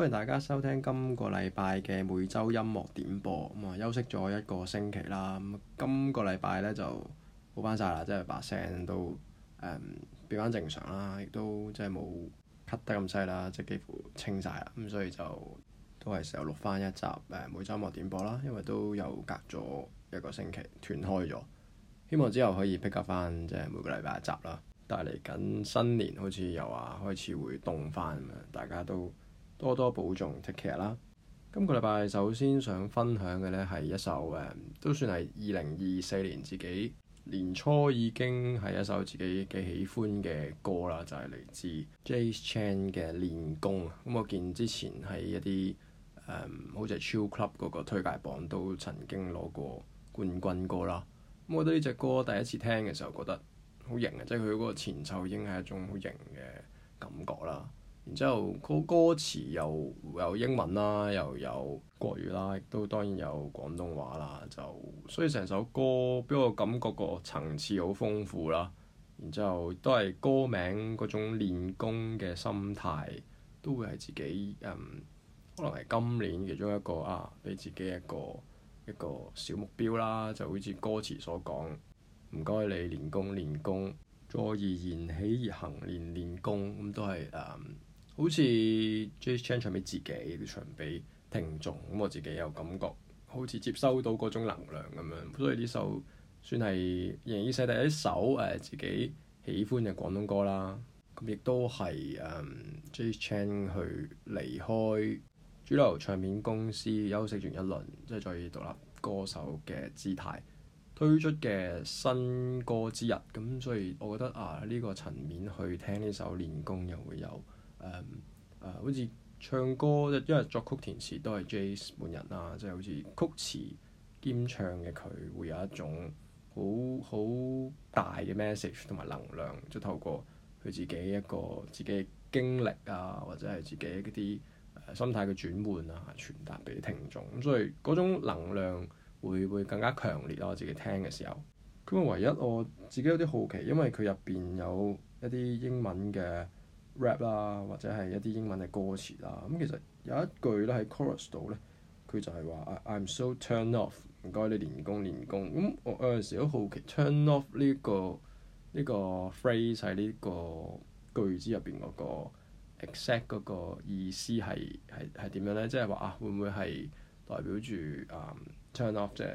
歡迎大家收聽今個禮拜嘅每周音樂點播。咁、嗯、啊，休息咗一個星期啦。咁、嗯、今個禮拜呢就好翻晒啦，即係把聲都誒、嗯、變翻正常啦，亦都即係冇咳得咁犀啦，即係幾乎清晒啦。咁、嗯、所以就都係時候錄翻一集誒、嗯、每周音樂點播啦。因為都有隔咗一個星期斷開咗，希望之後可以 pick 翻即係每個禮拜一集啦。但係嚟緊新年好似又話開始會凍翻咁啊，大家都～多多保重，Take care 啦！Take care. 今個禮拜首先想分享嘅呢係一首誒，都算係二零二四年自己年初已經係一首自己幾喜歡嘅歌啦，就係、是、嚟自 Jace Chan 嘅《練功》啊、嗯！咁我見之前喺一啲、嗯、好似係 Chill Club 嗰個推介榜都曾經攞過冠軍歌啦。咁、嗯、我覺得呢隻歌第一次聽嘅時候覺得好型啊！即係佢嗰個前奏已經係一種好型嘅感覺啦。然之後，個歌詞又有英文啦，又有國語啦，亦都當然有廣東話啦。就所以成首歌俾我感覺個層次好豐富啦。然之後都係歌名嗰種練功嘅心態，都會係自己嗯，可能係今年其中一個啊，俾自己一個一個小目標啦。就好似歌詞所講，唔該你練功練功，坐而言起而行，練練功咁、嗯、都係誒。嗯好似 Jace Chan 唱俾自己，唱俾聽眾，咁，我自己有感覺，好似接收到嗰種能量咁樣，所以呢首算係仍然寫第一首誒、啊、自己喜歡嘅廣東歌啦。咁亦都係誒、嗯、Jace Chan 去離開主流唱片公司休息完一輪，即係再獨立歌手嘅姿態推出嘅新歌之一。咁所以我覺得啊，呢、呢個層面去聽呢首練功又會有。誒誒、嗯呃，好似唱歌，因為作曲填詞都係 Jace 本人啊，即、就、係、是、好似曲詞兼唱嘅佢，會有一種好好大嘅 message 同埋能量，即透過佢自己一個自己嘅經歷啊，或者係自己嗰啲、呃、心態嘅轉換啊，傳達俾聽眾咁，所以嗰種能量會會更加強烈咯、啊。我自己聽嘅時候咁啊，唯一我自己有啲好奇，因為佢入邊有一啲英文嘅 rap 啦，或者係一啲英文嘅歌詞啦。咁其實有一句咧，喺 chorus 度咧，佢就係話：I'm so turned off。唔該，你練功練功。咁、嗯、我有陣時都好奇 turn off 呢、呢個呢、呢個 phrase 喺呢個句子入邊嗰個 exact 嗰個意思係係係點樣咧？即係話啊，會唔會係代表住啊、um, turn off 啫？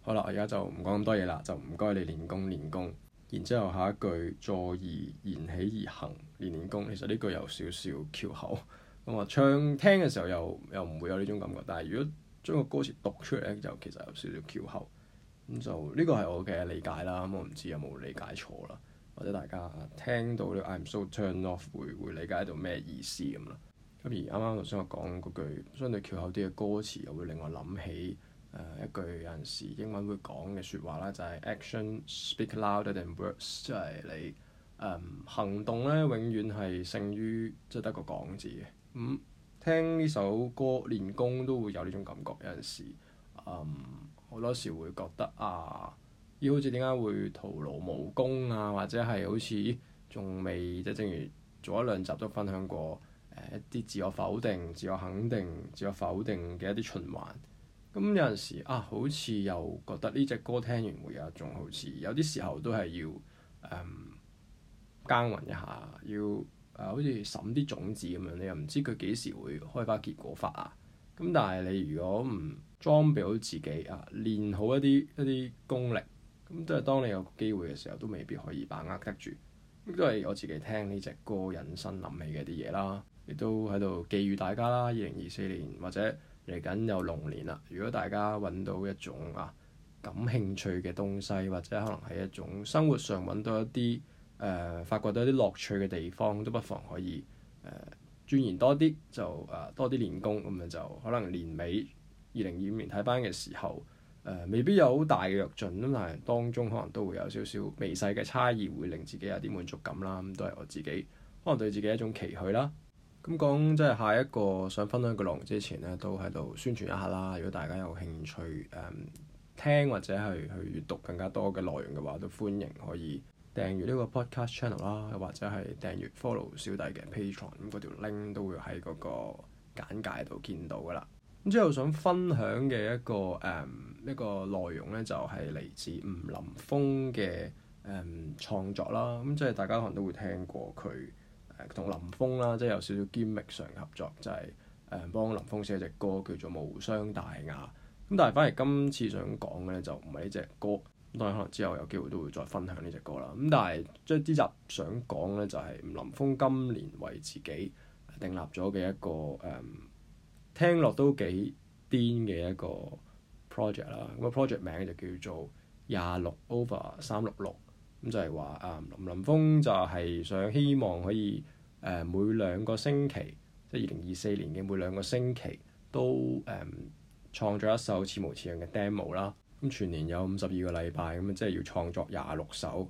好啦，我而家就唔講咁多嘢啦，就唔該你練功練功。然之後，下一句坐而言起而行，練練功。其實呢句有少少翹口。咁、嗯、啊，唱聽嘅時候又又唔會有呢種感覺。但係如果將個歌詞讀出嚟咧，就其實有少少翹口。咁、嗯、就呢、這個係我嘅理解啦。咁、嗯、我唔知有冇理解錯啦。或者大家聽到呢、這個、I'm so turn off 會會理解到咩意思咁啦。咁而啱啱頭先我講嗰句相對翹口啲嘅歌詞，又會令我諗起。誒、呃、一句有陣時英文會講嘅説話啦，就係、是、Action speak louder than words，即係你誒、嗯、行動咧，永遠係勝於即係得個講字嘅。咁、嗯、聽呢首歌練功都會有呢種感覺，有陣時誒好、嗯、多時會覺得啊，咦？好似點解會徒勞無功啊？或者係好似仲未即係，正如做一兩集都分享過誒、呃、一啲自我否定、自我肯定、自我否定嘅一啲循環。咁有陣時啊，好似又覺得呢隻歌聽完會啊，仲好似有啲時候都係要誒、嗯、耕耘一下，要啊，好似審啲種子咁樣，你又唔知佢幾時會開花結果發啊。咁但係你如果唔裝備好自己啊，練好一啲一啲功力，咁即係當你有機會嘅時候，都未必可以把握得住。咁都係我自己聽呢隻歌，引申諗起嘅啲嘢啦，亦都喺度寄語大家啦。二零二四年或者～嚟緊又龍年啦！如果大家揾到一種啊感興趣嘅東西，或者可能係一種生活上揾到一啲誒、呃、發掘到一啲樂趣嘅地方，都不妨可以誒鑽、呃、研多啲，就啊、呃、多啲練功，咁樣就可能年尾二零二五年睇班嘅時候誒、呃，未必有好大嘅躍進，咁但係當中可能都會有少少微細嘅差異，會令自己有啲滿足感啦。咁都係我自己可能對自己一種期許啦。咁講即係下一個想分享嘅內容之前咧，都喺度宣傳一下啦。如果大家有興趣誒、嗯、聽或者係去，去閱讀更加多嘅內容嘅話，都歡迎可以訂閱呢個 Podcast Channel 啦，又或者係訂閱 follow 小弟嘅 Patreon，咁嗰條 link 都會喺嗰個簡介度見到噶啦。咁之後想分享嘅一個誒、嗯、一個內容咧，就係、是、嚟自吳林峰嘅誒、嗯、創作啦。咁即係大家可能都會聽過佢。同林峰啦，即係有少少兼力上合作，就係誒幫林峰寫隻歌叫做《無傷大雅》。咁但係反而今次想講咧，就唔係呢隻歌。當然可能之後有機會都會再分享呢隻歌啦。咁但係即係呢集想講咧，就係林峰今年為自己定立咗嘅一個誒，聽落都幾癲嘅一個 project 啦。咁 project 名就叫做廿六 over 三六六。咁就係話啊，吳林峰就係想希望可以誒、呃、每兩個星期，即係二零二四年嘅每兩個星期都誒、呃、創作一首似模似樣嘅 demo 啦。咁全年有五十二個禮拜，咁即係要創作廿六首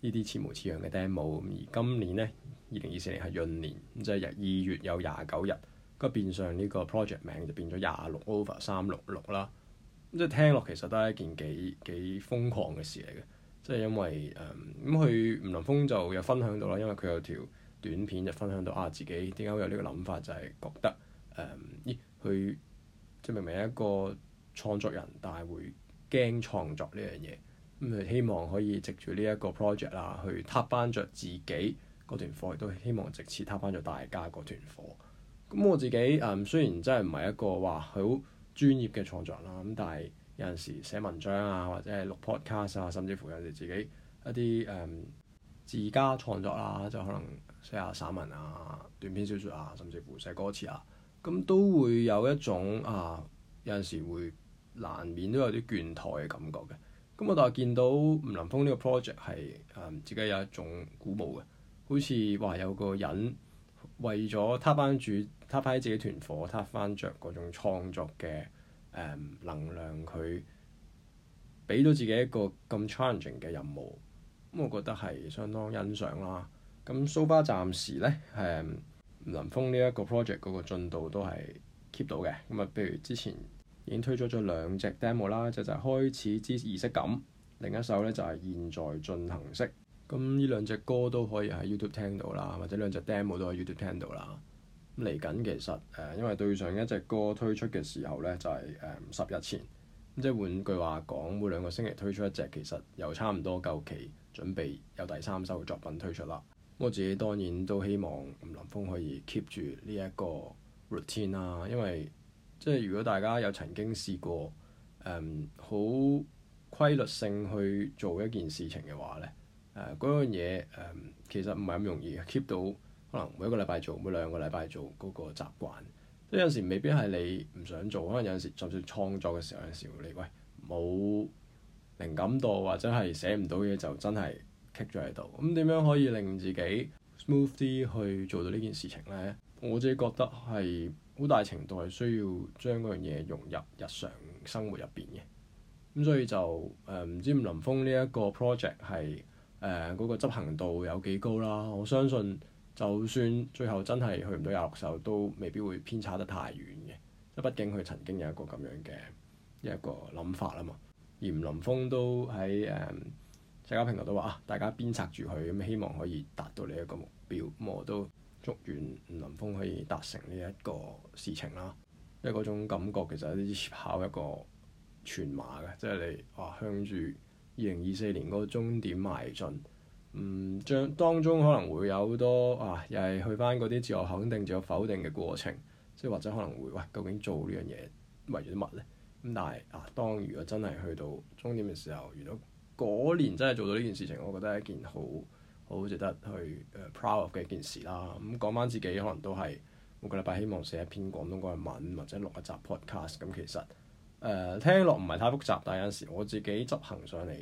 呢啲似模似樣嘅 demo。咁而今年咧，二零二四年係閏年，即係二月有廿九日，咁變相呢個 project 名就變咗廿六 over 三六六啦。咁即係聽落其實都係一件幾幾瘋狂嘅事嚟嘅。即係因為誒咁，佢、嗯、吳林峰就有分享到啦，因為佢有條短片就分享到啊，自己點解會有呢個諗法，就係、是、覺得誒、嗯、咦，佢即係明明係一個創作人，但係會驚創作呢樣嘢。咁、嗯、佢希望可以藉住呢一個 project 啦，去揼翻着自己嗰團火，亦都希望直接揼翻咗大家嗰團火。咁、嗯、我自己誒、嗯、雖然真係唔係一個話好專業嘅創作人啦，咁、嗯、但係，有陣時寫文章啊，或者係錄 podcast 啊，甚至乎有陣時自己一啲誒自家創作啦，就可能寫下散文啊、短篇小説啊，甚至乎寫歌詞啊，咁都會有一種啊，有陣時會難免都有啲倦怠嘅感覺嘅。咁我就見到吳林峰呢個 project 係誒自己有一種鼓舞嘅，好似話有個人為咗撻班主、撻翻自己團伙、撻翻着嗰種創作嘅。Um, 能量佢俾到自己一個咁 challenging 嘅任務，咁我覺得係相當欣賞啦。咁 so far 暫時呢，林峰呢一個 project 嗰個進度都係 keep 到嘅。咁啊，譬如之前已經推咗咗兩隻 demo 啦，即係就係開始之儀式感，另一首呢，就係現在進行式。咁呢兩隻歌都可以喺 YouTube 聽到啦，或者兩隻 demo 都喺 YouTube 聽到啦。嚟緊其實誒、嗯，因為對上一隻歌推出嘅時候咧，就係誒十日前。即係換句話講，每兩個星期推出一隻，其實又差唔多夠期準備有第三首嘅作品推出啦。我自己當然都希望、嗯、林峰可以 keep 住呢一個 routine 啦、啊，因為即係如果大家有曾經試過誒好、嗯、規律性去做一件事情嘅話咧，誒嗰樣嘢誒其實唔係咁容易 keep 到。可能每一個禮拜做，每兩個禮拜做嗰個習慣。即有陣時未必係你唔想做，可能有陣時就算創作嘅時候，有陣時你喂冇靈感度，或者係寫唔到嘢，就真係棘咗喺度。咁點樣可以令自己 smooth 啲去做到呢件事情呢？我自己覺得係好大程度係需要將嗰樣嘢融入日常生活入邊嘅。咁所以就誒，唔知，呃，吳林峰呢一個 project 係誒嗰，呃，嗰個執行度有幾高啦？我相信。就算最後真係去唔到廿六首，都未必會偏差得太遠嘅。即係畢竟佢曾經有一個咁樣嘅一個諗法啊嘛。而吳林峰都喺社交平台都話啊，大家鞭策住佢，咁希望可以達到你一個目標。咁我都祝願吳林峰可以達成呢一個事情啦。因為嗰種感覺其實有啲似跑一個全馬嘅，即係你啊向住二零二四年嗰個終點邁進。嗯，將當中可能會有好多啊，又係去翻嗰啲自我肯定、自我否定嘅過程，即係或者可能會喂，究竟做呢樣嘢為咗乜咧？咁但係啊，當如果真係去到終點嘅時候，如果嗰年真係做到呢件事情，我覺得係一件好好值得去誒、uh, proud of 嘅一件事啦。咁、嗯、講翻自己，可能都係每個禮拜希望寫一篇廣東話文或者錄一集 podcast，咁、嗯、其實誒、呃、聽落唔係太複雜，但係有時我自己執行上嚟。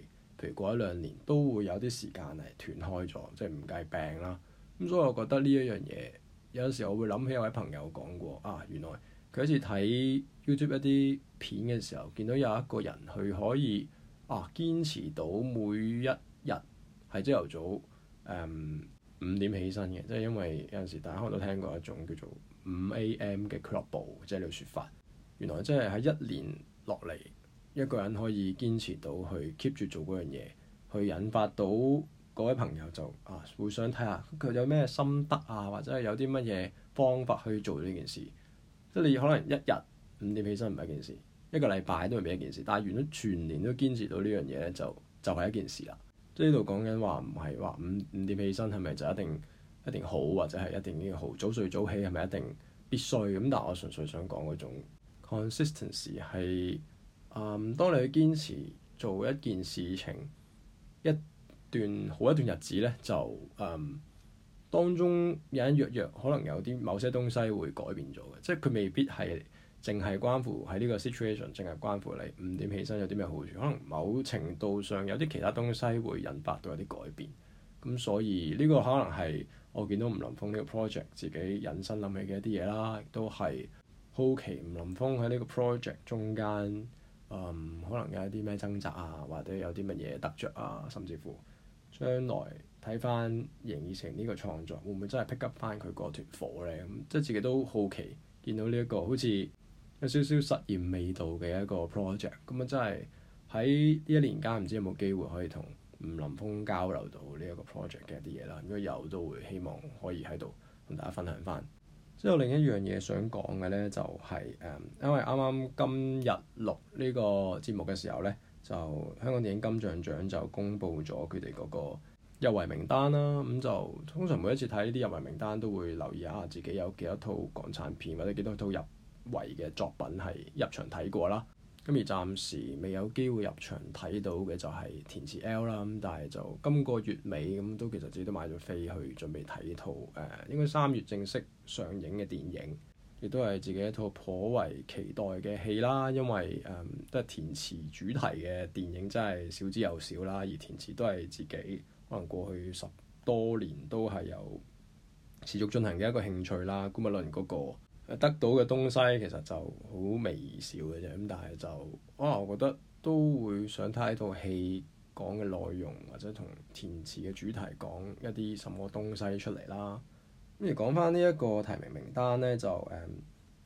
譬如過一兩年都會有啲時間係斷開咗，即係唔計病啦。咁所以我覺得呢一樣嘢有陣時我會諗起有位朋友講過啊，原來佢一次睇 YouTube 一啲片嘅時候，見到有一個人佢可以啊堅持到每一日係朝頭早誒五、嗯、點起身嘅，即係因為有陣時大家可能都聽過一種叫做五 A.M. 嘅 club，即係你個説法。原來真係喺一年落嚟。一個人可以堅持到去 keep 住做嗰樣嘢，去引發到各位朋友就啊會想睇下佢有咩心得啊，或者係有啲乜嘢方法去做呢件事。即係你可能一日五點起身唔係一件事，一個禮拜都唔係一件事，但係如果全年都堅持到呢樣嘢咧，就就係一件事啦。即係呢度講緊話唔係話五五點起身係咪就一定一定好，或者係一定呢個好早睡早起係咪一定必須咁？但係我純粹想講嗰種 consistency 係。啊、嗯！當你去堅持做一件事情，一段好一段日子咧，就嗯當中隱隱約約可能有啲某些東西會改變咗嘅，即係佢未必係淨係關乎喺呢個 situation，淨係關乎你五點起身有啲咩好處。可能某程度上有啲其他東西會引發到有啲改變。咁所以呢個可能係我見到吳林峰呢個 project 自己引申諗起嘅一啲嘢啦，都係好奇吳林峰喺呢個 project 中間。嗯，可能有一啲咩掙扎啊，或者有啲乜嘢得著啊，甚至乎將來睇翻形義成呢個創作，會唔會真係 pick up 翻佢嗰團火呢？咁、嗯、即係自己都好奇，見到呢、這個、一個好似有少少實驗味道嘅一個 project，咁啊真係喺呢一年間唔知有冇機會可以同吳林峰交流到呢一個 project 嘅一啲嘢啦。如果有，都會希望可以喺度同大家分享翻。之後另一樣嘢想講嘅呢，就係、是、誒，因為啱啱今日錄呢個節目嘅時候呢，就香港電影金像獎就公布咗佢哋嗰個入圍名單啦。咁就通常每一次睇呢啲入圍名單，都會留意下、啊、自己有幾多套港產片或者幾多套入圍嘅作品係入場睇過啦。咁而暫時未有機會入場睇到嘅就係填詞 L 啦，咁但係就今個月尾，咁都其實自己都買咗飛去準備睇套誒，應該三月正式上映嘅電影，亦都係自己一套頗為期待嘅戲啦。因為誒都係填詞主題嘅電影，真係少之又少啦。而填詞都係自己可能過去十多年都係有持續進行嘅一個興趣啦。古物論嗰、那個。得到嘅東西其實就好微小嘅啫，咁但係就可能、啊、我覺得都會想睇套戲講嘅內容，或者同填詞嘅主題講一啲什麼東西出嚟啦。咁而講翻呢一個提名名單呢，就誒、嗯、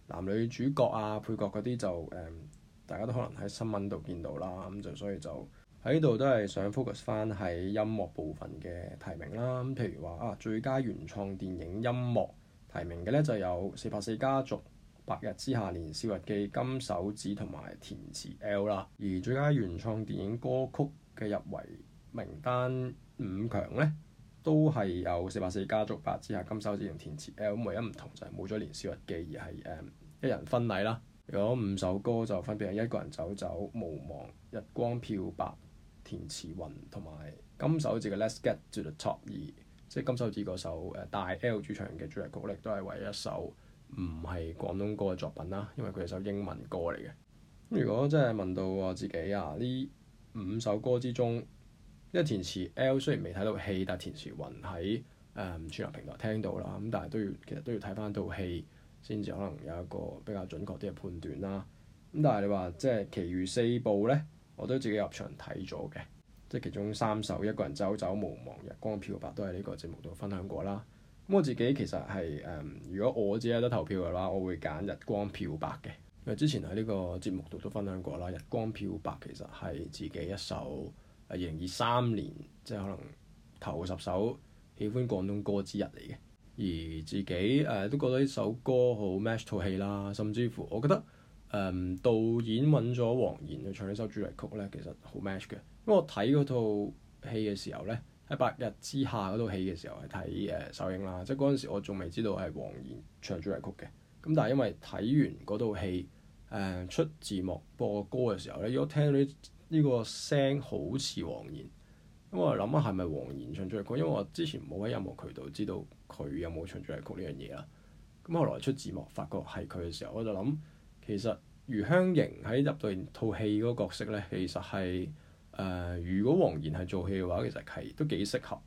男女主角啊、配角嗰啲就誒、嗯、大家都可能喺新聞度見到啦，咁就所以就喺度都係想 focus 翻喺音樂部分嘅提名啦。咁譬如話啊，最佳原創電影音樂。提名嘅咧就有《四百四家族》《白日之下》《年少日記》《金手指》同埋《填詞 L》啦。而最佳原創電影歌曲嘅入圍名單五強咧，都係有《四百四家族》《白日之下》《金手指》同《填詞 L》。咁唯一唔同就係冇咗《年少日記》，而係誒、um, 一人婚禮啦。有五首歌就分別係《一個人走走》《無望》《日光漂白》《填詞云》同埋《金手指》嘅《Let's Get To The Top》二。即係金手指嗰首誒大 L 主唱嘅主題曲，咧都係唯一首唔係廣東歌嘅作品啦。因為佢係首英文歌嚟嘅。咁、嗯、如果即係問到我自己啊，呢五首歌之中，因為填詞 L 雖然未睇到戲，但係填詞雲喺誒主流平台聽到啦。咁但係都要其實都要睇翻套戲先至可能有一個比較準確啲嘅判斷啦。咁但係你話即係其餘四部咧，我都自己入場睇咗嘅。即係其中三首，一個人走走無望，日光漂白都喺呢個節目度分享過啦。咁我自己其實係誒，如果我自己有得投票嘅話，我會揀日光漂白嘅。因為之前喺呢個節目度都分享過啦，日光漂白其實係自己一首二零二三年即係可能頭十首喜歡廣東歌之一嚟嘅。而自己誒、呃、都覺得呢首歌好 match 套戲啦，甚至乎我覺得。誒、嗯、導演揾咗黃妍去唱呢首主題曲咧，其實好 match 嘅。因為我睇嗰套戲嘅時候咧，喺《白日之下》嗰套戲嘅時候係睇誒首映啦，即係嗰陣時我仲未知道係黃妍唱主題曲嘅。咁但係因為睇完嗰套戲誒、呃、出字幕播歌嘅時候咧，如果聽到呢、呢個聲好似黃妍，咁我諗下係咪黃妍唱主題曲？因為我之前冇喺任何渠道知道佢有冇唱主題曲呢樣嘢啦。咁後來出字幕發覺係佢嘅時候，我就諗其實。余香盈喺入到套戲嗰個角色咧，其實係誒、呃，如果黃妍係做戲嘅話，其實係都幾適合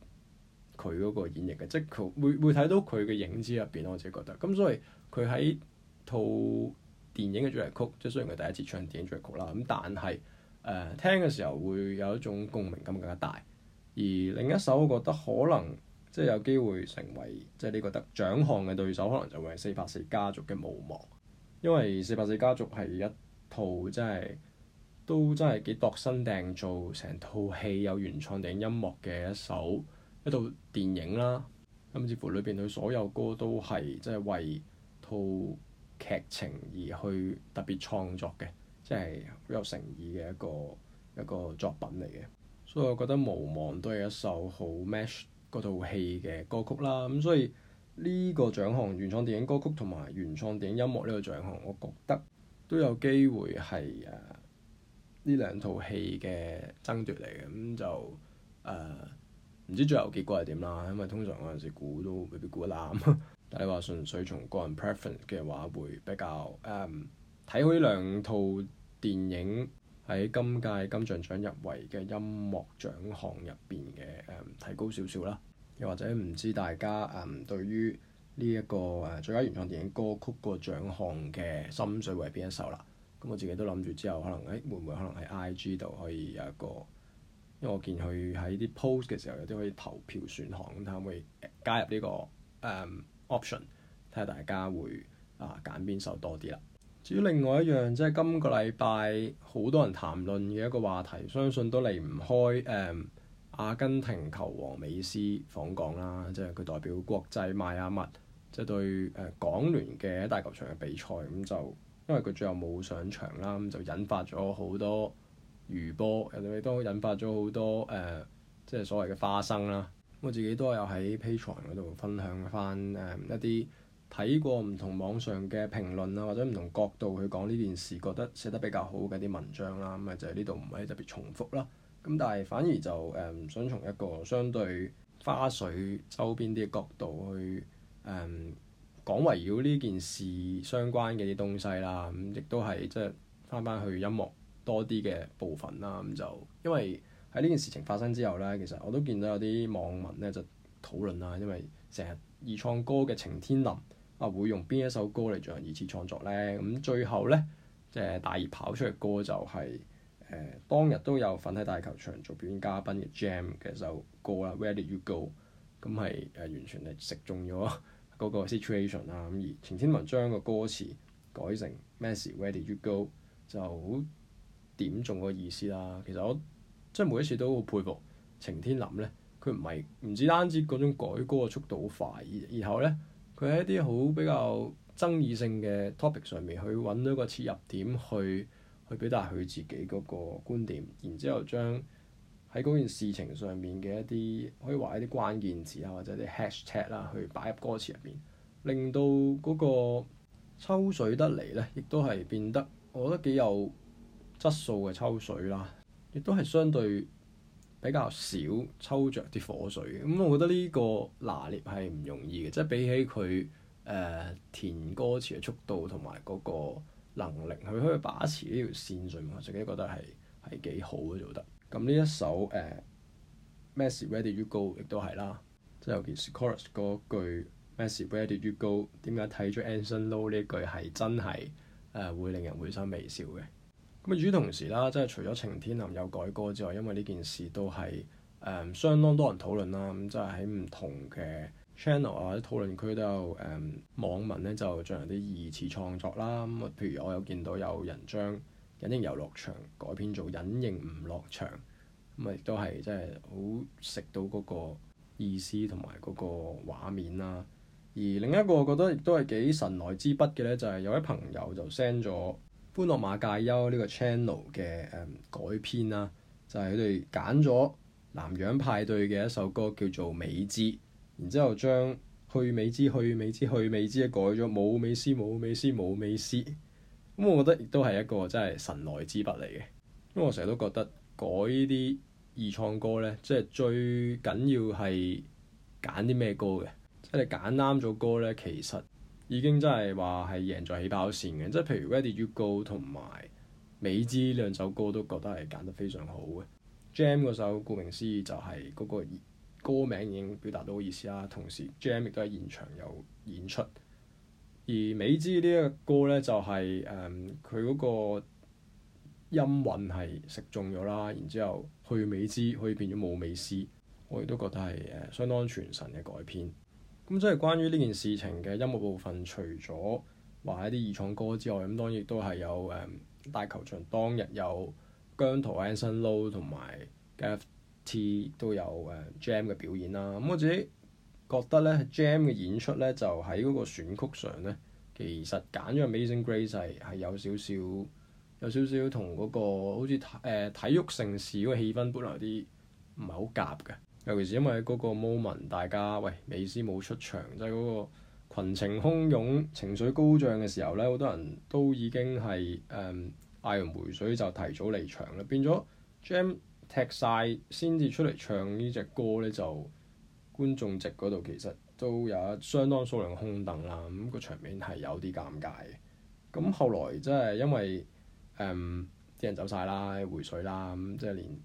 佢嗰個演繹嘅，即係佢會會睇到佢嘅影子入邊，我自己覺得。咁所以佢喺套電影嘅主題曲，即係雖然佢第一次唱電影主題曲啦，咁但係誒聽嘅時候會有一種共鳴感更加大。而另一首，我覺得可能即係有機會成為即係你覺得獎項嘅對手，可能就會係《四拍四家族》嘅無望。因為《4拍4家族》係一套真係都真係幾度身訂做，成套戲有原創電影音樂嘅一首一套電影啦，咁甚至乎裏邊佢所有歌都係即係為套劇情而去特別創作嘅，即係好有誠意嘅一個一個作品嚟嘅。所以我覺得《無望》都係一首好 match 嗰套戲嘅歌曲啦。咁、嗯、所以。呢個獎項，原創電影歌曲同埋原創電影音樂呢個獎項，我覺得都有機會係誒呢兩套戲嘅爭奪嚟嘅，咁、嗯、就誒唔、呃、知最後結果係點啦。因為通常有陣時估都未必估得啱，但係話純粹從個人 preference 嘅話會比較誒睇、嗯、好呢兩套電影喺今屆金像獎入圍嘅音樂獎項入邊嘅誒提高少少啦。又或者唔知大家誒對於呢一個誒最佳原創電影歌曲個獎項嘅心水會係邊一首啦？咁我自己都諗住之後可能誒會唔會可能喺 IG 度可以有一個，因為我見佢喺啲 post 嘅時候有啲可以投票選項，咁睇下會唔會加入呢個誒、um, option，睇下大家會啊揀邊首多啲啦。至於另外一樣，即係今個禮拜好多人談論嘅一個話題，相信都離唔開誒。Um, 阿根廷球王美斯訪港啦，即係佢代表國際邁阿密，即係對誒港聯嘅大球場嘅比賽，咁就因為佢最後冇上場啦，咁就引發咗好多餘波，亦都引發咗好多誒、呃，即係所謂嘅花生啦。我自己都有喺 Patreon 嗰度分享翻誒一啲睇過唔同網上嘅評論啊，或者唔同角度去講呢件事，覺得寫得比較好嘅啲文章啦，咁啊就喺呢度唔係特別重複啦。咁但係反而就誒唔、嗯、想從一個相對花絮周邊啲角度去誒、嗯、講圍繞呢件事相關嘅啲東西啦，咁、嗯、亦都係即係返返去音樂多啲嘅部分啦。咁、嗯、就因為喺呢件事情發生之後咧，其實我都見到有啲網民咧就討論啦，因為成日易創歌嘅晴天林啊會用邊一首歌嚟進行二次創作咧？咁、嗯、最後咧誒、呃、大熱跑出嘅歌就係、是。誒當日都有份喺大球場做表演嘉賓嘅 Jam 嘅一首歌啦，Where did you go？咁係誒完全係食中咗嗰個 situation 啦。咁而晴天林將個歌詞改成咩事 Where did you go？就好點中個意思啦。其實我即係每一次都好佩服晴天林咧，佢唔係唔止單止嗰種改歌嘅速度好快，然後咧佢喺一啲好比較爭議性嘅 topic 上面去揾到個切入點去。去表達佢自己嗰個觀點，然之後將喺嗰件事情上面嘅一啲，可以話一啲關鍵詞啊，或者啲 hashtag 啦，去擺入歌詞入面，令到嗰個抽水得嚟咧，亦都係變得，我覺得幾有質素嘅抽水啦，亦都係相對比較少抽着啲火水嘅。咁、嗯、我覺得呢個拿捏係唔容易嘅，即係比起佢誒、呃、填歌詞嘅速度同埋嗰個。能力去去把持呢條線上面，我自己覺得係係幾好嘅做得。咁呢一首誒、呃《Messi Where Did You Go》亦都係啦，即係尤其是 Chorus 嗰句《Messi Where Did You Go》，點解睇咗《Anson Lo》呢句係真係誒會令人會心微笑嘅？咁與同時啦，即係除咗晴天林有改歌之外，因為呢件事都係誒、呃、相當多人討論啦，咁即係喺唔同嘅 channel 啊，啲討論區都有誒、嗯、網民咧，就進行啲二次創作啦。咁、嗯、啊，譬如我有見到有人將隱形遊樂場改編做隱形唔樂場，咁啊亦都係真係好食到嗰個意思同埋嗰個畫面啦。而另一個我覺得亦都係幾神來之筆嘅咧，就係、是、有一朋友就 send 咗歡樂馬介休呢、這個 channel 嘅誒、嗯、改編啦，就係佢哋揀咗南洋派對嘅一首歌叫做美知。然之後將去美之、去美之、去美之，改咗冇美斯、冇美斯、冇美斯。咁我覺得亦都係一個真係神來之筆嚟嘅。因為我成日都覺得改呢啲二創歌咧，即係最緊要係揀啲咩歌嘅，即係揀啱咗歌咧，其實已經真係話係贏在起跑線嘅。即係譬如《Where Did You Go》同埋《美之》兩首歌，都覺得係揀得非常好嘅。Jam 嗰首顧名思義就係嗰、嗰個。歌名已經表達到意思啦，同時 Jam 亦都喺現場有演出。而美知呢一個歌咧，就係誒佢嗰個音韻係食中咗啦，然之後去美知可以變咗冇美斯，我亦都覺得係誒、嗯、相當傳神嘅改編。咁、嗯、即係關於呢件事情嘅音樂部分，除咗話一啲二創歌之外，咁、嗯、當然亦都係有誒、嗯、大球場當日有姜濤、Anson Lo 同埋次都有誒、uh, Jam 嘅表演啦，咁、嗯、我自己覺得咧，Jam 嘅演出咧就喺嗰個選曲上咧，其實揀咗《Amazing Grace》係有少少有少少同嗰、嗰個好似誒體,、呃、體育城市嗰個氣氛本來有啲唔係好夾嘅，尤其是因為喺嗰個 moment，大家喂美斯冇出場，即係嗰個羣情洶湧、情緒高漲嘅時候咧，好多人都已經係誒嗌完回水就提早離場啦，變咗 Jam。踢晒先至出嚟唱呢隻歌咧，就觀眾席嗰度其實都有相當數量空凳啦。咁個場面係有啲尷尬嘅。咁後來即係因為誒啲、嗯、人走晒啦，回水啦，咁即係連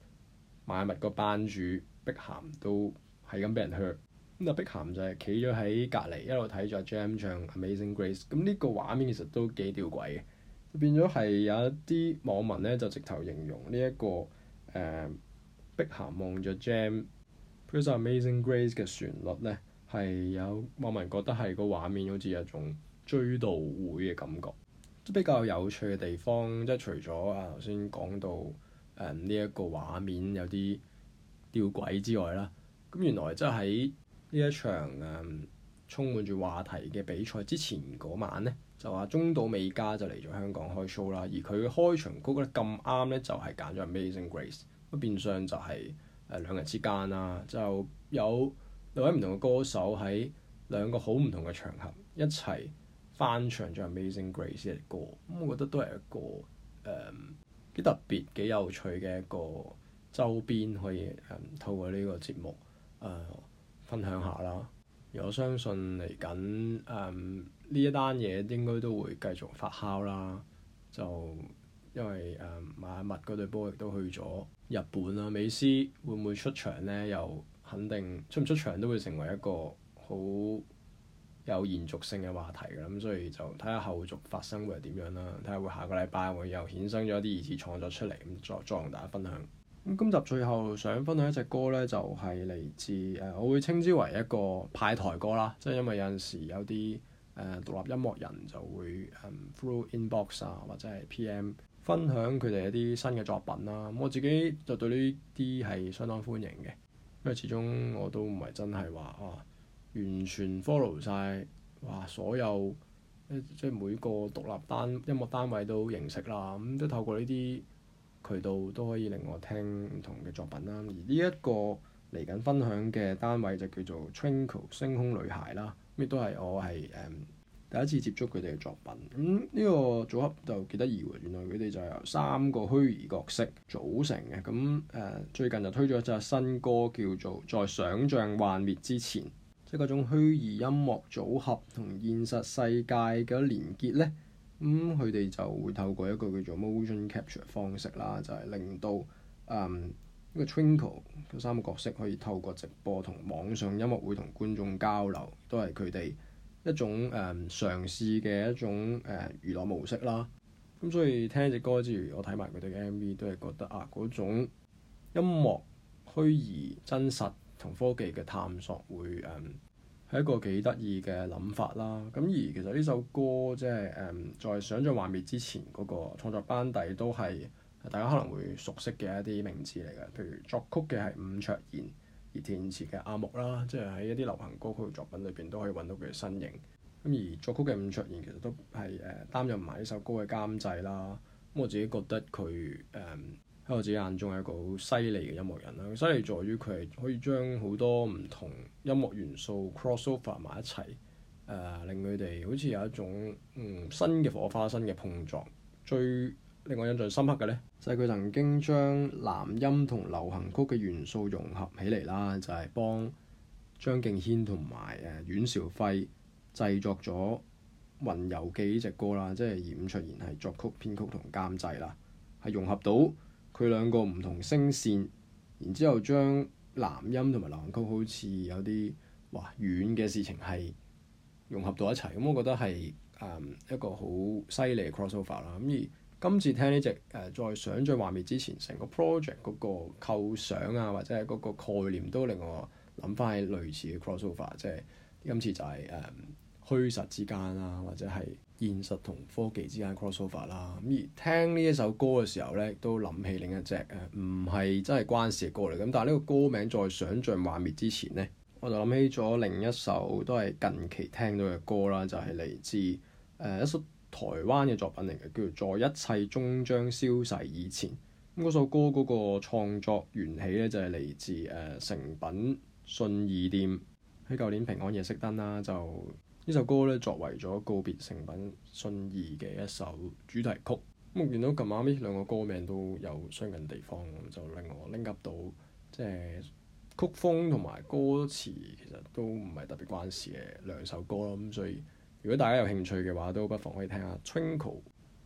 買物個班主碧咸都係咁俾人 hurt。咁啊碧咸就係企咗喺隔離一路睇住阿 Jam 唱《Amazing Grace》。咁呢個畫面其實都幾吊詭嘅，變咗係有一啲網民咧就直頭形容呢、這、一個。誒碧鹹望著 Jam，Praise Amazing Grace 嘅旋律咧，係有網民覺得係個畫面好似一種追悼會嘅感覺，都比較有趣嘅地方，即係除咗啊頭先講到誒呢一個畫面有啲吊詭之外啦，咁原來即係喺呢一場誒、嗯、充滿住話題嘅比賽之前嗰晚咧。就話中島美嘉就嚟咗香港開 show 啦，而佢開場曲覺得咁啱咧就係揀咗《Amazing Grace》，咁變相就係、是、誒、呃、兩日之間啦，就有兩位唔同嘅歌手喺兩個好唔同嘅場合一齊翻唱咗《Amazing Grace》嘅歌，咁、嗯、我覺得都係一個誒幾、嗯、特別幾有趣嘅一個周邊可以誒、嗯、透過呢個節目誒、嗯、分享下啦。而我相信嚟緊誒。嗯呢一單嘢應該都會繼續發酵啦。就因為誒邁阿密嗰對波亦都去咗日本啦。美斯會唔會出場呢？又肯定出唔出場都會成為一個好有延續性嘅話題啦。咁所以就睇下後續發生會係點樣啦。睇下會下個禮拜會又衍生咗啲二次創作出嚟，咁再再同大家分享。咁今集最後想分享一隻歌呢，就係、是、嚟自誒、呃，我會稱之為一個派台歌啦。即、就、係、是、因為有陣時有啲。誒、uh，獨立音樂人就會誒、um, through inbox 啊或者係 PM 分享佢哋一啲新嘅作品啦、啊。我自己就對呢啲係相當歡迎嘅，因、啊、為始終我都唔係真係話哦完全 follow 晒哇所有、啊、即係每個獨立單音樂單位都認識啦。咁、啊嗯、都透過呢啲渠道都可以令我聽唔同嘅作品啦、啊。而呢一個嚟緊分享嘅單位就叫做 Twinkle 星空女孩啦。啊咩都係我係誒第一次接觸佢哋嘅作品，咁、嗯、呢、呢個組合就幾得意喎。原來佢哋就由三個虛擬角色組成嘅，咁誒、呃、最近就推咗一隻新歌叫做《在想像幻滅之前》，即係嗰種虛擬音樂組合同現實世界嘅連結呢，咁佢哋就會透過一個叫做 motion capture 方式啦，就係、是、令到嗯。呢個 Twinkle 嗰三個角色可以透過直播同網上音樂會同觀眾交流，都係佢哋一種誒、嗯、嘗試嘅一種誒、嗯、娛樂模式啦。咁所以聽隻歌之餘，我睇埋佢哋嘅 MV 都係覺得啊，嗰種音樂虛擬真實同科技嘅探索會誒係、嗯、一個幾得意嘅諗法啦。咁而其實呢首歌即係誒在想像幻滅之前，嗰個創作班底都係。大家可能會熟悉嘅一啲名字嚟嘅，譬如作曲嘅係伍卓賢，而填詞嘅阿木啦，即係喺一啲流行歌曲嘅作品裏邊都可以揾到佢嘅身影。咁而作曲嘅伍卓賢其實都係誒、呃、擔任埋呢首歌嘅監製啦。咁我自己覺得佢誒喺我自己眼中係一個好犀利嘅音樂人啦。犀利在於佢係可以將好多唔同音樂元素 cross over 埋一齊，誒、呃、令佢哋好似有一種嗯、新嘅火花、新嘅碰撞。最令我印象深刻嘅咧，就係佢曾經將藍音同流行曲嘅元素融合起嚟啦。就係、是、幫張敬軒同埋誒阮兆輝製作咗《雲遊記》呢隻歌啦，即係演出，然係作曲、編曲同監製啦。係融合到佢兩個唔同聲線，然之後將藍音同埋流行曲好似有啲哇遠嘅事情係融合到一齊。咁我覺得係誒、嗯、一個好犀利嘅 crossover 啦。咁而～今次聽呢隻誒，在、呃、想像幻滅之前，成個 project 嗰個構想啊，或者係嗰個概念都令我諗返起類似嘅 crossover，即係今次就係、是、誒、呃、虛實之間啦、啊，或者係現實同科技之間 crossover 啦。而聽呢一首歌嘅時候咧，都諗起另一隻誒，唔係真係關事嘅歌嚟。咁但係呢個歌名在想像幻滅之前咧，我就諗起咗另一首都係近期聽到嘅歌啦，就係、是、嚟自誒、呃、一首。台灣嘅作品嚟嘅，叫做在一切終將消逝以前。咁嗰首歌嗰個創作緣起咧，就係嚟自誒誠品信義店喺舊年平安夜熄燈啦。就呢首歌咧，作為咗告別誠品信義嘅一首主題曲。咁我見到咁啱呢兩個歌名都有相近地方，咁就令我 link 及到即係、就係、曲風同埋歌詞其實都唔係特別關事嘅兩首歌咯。咁所以。如果大家有興趣嘅話，都不妨可以聽下《Twinkle》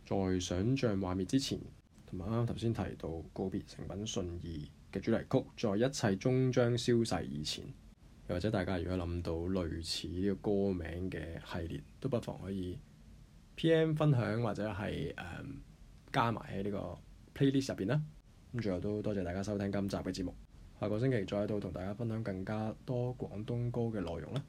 在想像幻滅之前，同埋啱啱頭先提到告別成品信義嘅主題曲，在一切終將消逝以前，又或者大家如果諗到類似呢個歌名嘅系列，都不妨可以 PM 分享或者係、呃、加埋喺呢個 playlist 入邊啦。咁最後都多謝大家收聽今集嘅節目，下個星期再喺度同大家分享更加多廣東歌嘅內容啦。